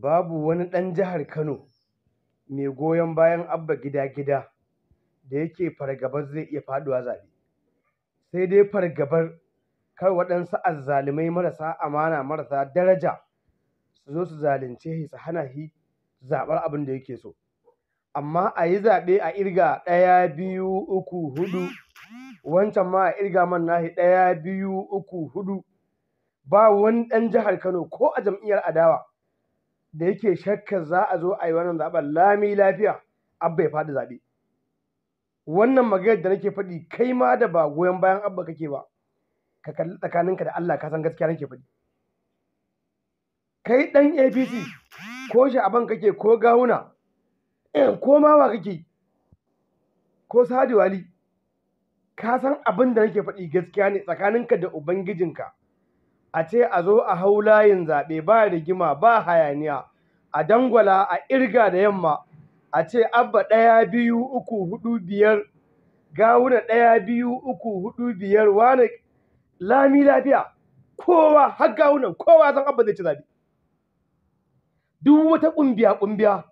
babu wani ɗan jihar Kano mai goyon bayan Abba Gida-Gida da yake fargabar zai iya faɗuwa zaɓe, sai dai fargabar kar waɗansu azzalumai marasa amana marasa daraja su zo su zalunce shi su hana shi zaɓar abin da yake so. Amma a yi zaɓe a irga ɗaya biyu uku hudu, wancan ma a irga man nahi ɗaya biyu uku hudu, ba wani ɗan jihar Kano ko a jam'iyyar adawa da yake shakkar za a zo a yi wannan zaɓen lami lafiya abba ya faɗi zaɓe wannan maganar da nake faɗi kai ma da ba goyon bayan abba kake ba ka kalli tsakaninka da Allah ka san gaskiya nake faɗi kai ɗan APC ko sha'aban kake ko gawuna eh, ko mawa kake ko sadiwali ka san abin da nake faɗi gaskiya ne tsakaninka da ubangijinka a ce a zo a hau layin zaɓe ba rigima ba hayaniya a dangwala a irga da yamma a ce abba ɗaya biyu uku hudu biyar gawuna ɗaya biyu uku hudu biyar wani lami lafiya kowa har gawunan kowa zan abba zai ci zaɓe duk wata ƙumbiya ƙumbiya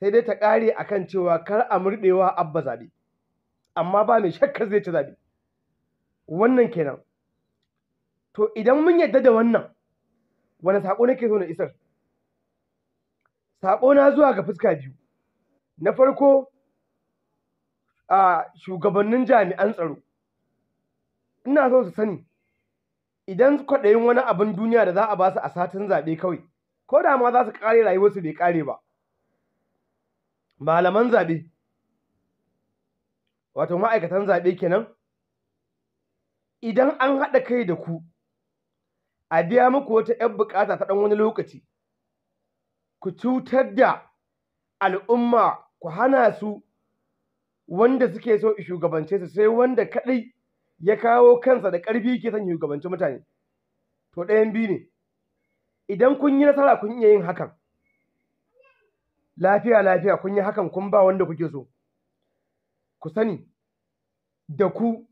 sai dai ta ƙare a kan cewa kar a murɗewa abba zaɓe amma ba mai shakkar zai ci zaɓe wannan kenan to idan mun yadda da wannan wani saƙo nake so na isar saƙo na zuwa ga fuska biyu na farko a shugabannin jami'an tsaro ina so su sani idan kwaɗayin wani abin duniya da za a ba su a satin zaɓe kawai ko da ma za su ƙare rayuwarsu bai ƙare ba malaman zaɓe wato ma'aikatan zaɓe kenan idan an haɗa kai da ku a biya muku wata 'yan bukata ta ɗan wani lokaci ku cutar da al'umma ku hana su wanda suke so shugabance su sai wanda kaɗai ya kawo kansa da ƙarfi ke son shugabanci mutane to ɗayan biyu ne idan kun yi nasara kun iya yin hakan lafiya lafiya kun yi hakan kun ba wanda kuke so ku sani da ku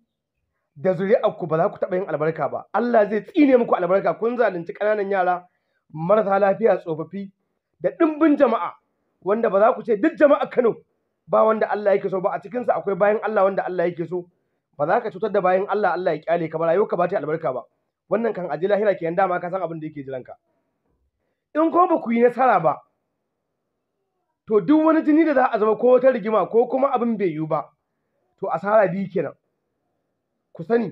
da zuri'arku ba za ku taɓa yin albarka ba Allah zai tsine muku albarka kun zalunci ƙananan yara marasa lafiya tsofaffi da ɗimbin jama'a wanda ba za ku ce duk jama'a Kano ba wanda Allah yake so ba a cikinsa akwai bayan Allah wanda Allah yake so ba za ka cutar da bayan Allah Allah ya kyale ka ba rayuwarka ba ta albarka ba wannan kan aji lahira kenan dama ka san abin da yake jiranka in ko ba ku yi nasara ba to duk wani jini da za a zama ko wata rigima ko kuma abin bai yiwu ba to asara biyu kenan ku sani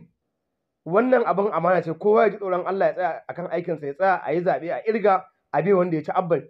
wannan abin amana ce kowa ya ji tsoron Allah ya tsaya akan aikinsa ya tsaya a yi zaɓe a irga a bi wanda ya ci abbal